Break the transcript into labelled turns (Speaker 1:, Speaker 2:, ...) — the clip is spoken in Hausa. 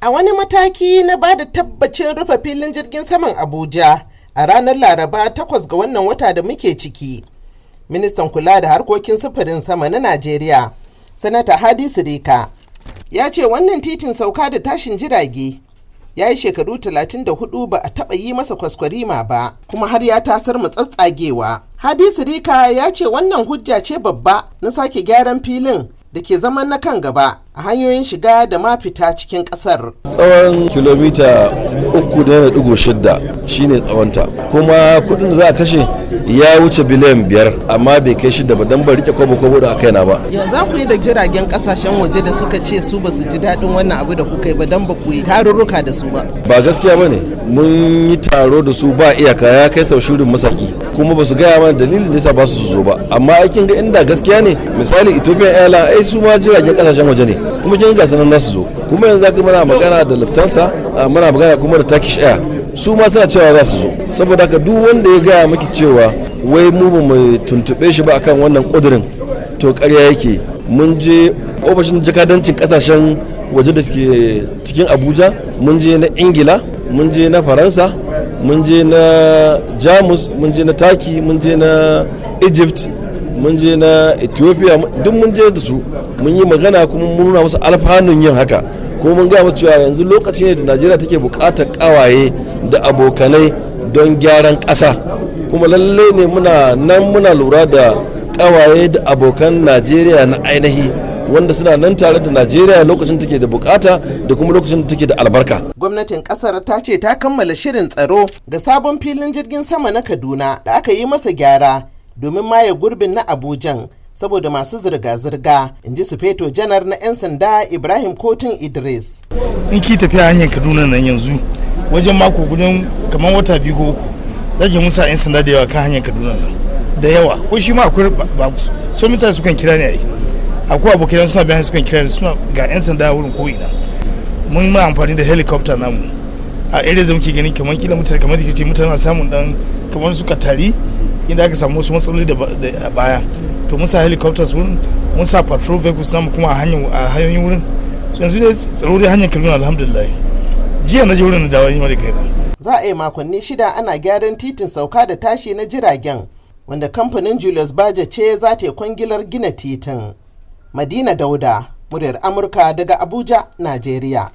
Speaker 1: a wani mataki na ba da tabbacin rufe filin jirgin saman abuja a ranar laraba takwas ga wannan wata da muke ciki ministan kula da harkokin sufurin sama na najeriya sanata hadi sirika ya ce wannan titin sauka da tashin jirage ya yi shekaru 34 ba a taɓa yi masa kwaskwarima ba kuma har ya tasar matsatsagewa hadi sirika ya ce wannan hujja ce babba na sake gyaran filin da ke zaman na kan gaba a hanyoyin shiga da ma fita cikin kasar.
Speaker 2: Tsawon kilomita 3.6 shi ne shine tsawonta kuma kudin da za a kashe ya wuce biliyan biyar amma bai kai shi da ba dan ba rike kwabo kwabo da kaina ba
Speaker 1: za ku yi da jiragen kasashen waje da suka ce su ba su ji daɗin wannan abu da kuka yi ba dan ba ku yi tarurruka da su ba
Speaker 2: ba gaskiya ba ne mun yi taro da su ba iyaka ya kai sau shirin masarki kuma ba su gaya mana dalilin nisa ba su zo ba amma aikin ga inda gaskiya ne misali ethiopian airlines ai su ma jiragen kasashen waje ne kuma kin ga sanan su zo kuma yanzu za ka mana magana da lufthansa muna magana kuma da turkish air su ma suna cewa za su zo saboda haka duk wanda ya gaya miki cewa wai mu ba mu tuntuɓe shi ba akan wannan kudirin to ƙarya yake mun je ofishin jakadancin kasashen waje da suke cikin abuja mun je na ingila mun je na faransa mun je na jamus mun je na taki mun je na egypt mun je na ethiopia duk mun je da su mun yi magana kuma mun nuna musu alfanun yin haka kuma mun gaya cewa yanzu lokaci ne da najeriya take bukatar ƙawaye da abokanai don gyaran ƙasa kuma lalle ne muna nan muna lura da ƙawaye da abokan najeriya na ainihi wanda suna nan tare da najeriya lokacin take da bukata da kuma lokacin take da albarka
Speaker 1: gwamnatin kasar ta ce ta kammala shirin tsaro ga sabon filin jirgin sama na kaduna da aka yi masa gyara domin maye gurbin na abujan saboda masu zirga-zirga in ji sufeto janar na 'yan sanda ibrahim
Speaker 3: kotun idris in ki tafiya hanyar kaduna nan yanzu wajen mako gudun kamar wata biyu ko uku zage musa 'yan sanda da yawa kan hanyar kaduna nan da yawa ko shi ma akwai babu so mutane sukan kira ne ai akwai abokan suna bayan sukan kira ne suna ga 'yan sanda a wurin ko'ina mun ma amfani da helicopter namu a area da muke gani kamar kila mutane kamar da ce mutane na samun dan kamar suka tari inda aka samu wasu matsaloli da baya to mun sa helicopters wurin mun sa patrol vehicles namu kuma a hanyoyin wurin yanzu dai tsaro dai hanyar kirgin alhamdulillah jiya na je wurin da dawo yi mara kaina
Speaker 1: za a yi makonni shida ana gyaran titin sauka da tashi na jiragen wanda kamfanin julius baja ce za ta yi kwangilar gina titin madina dauda muryar amurka daga abuja najeriya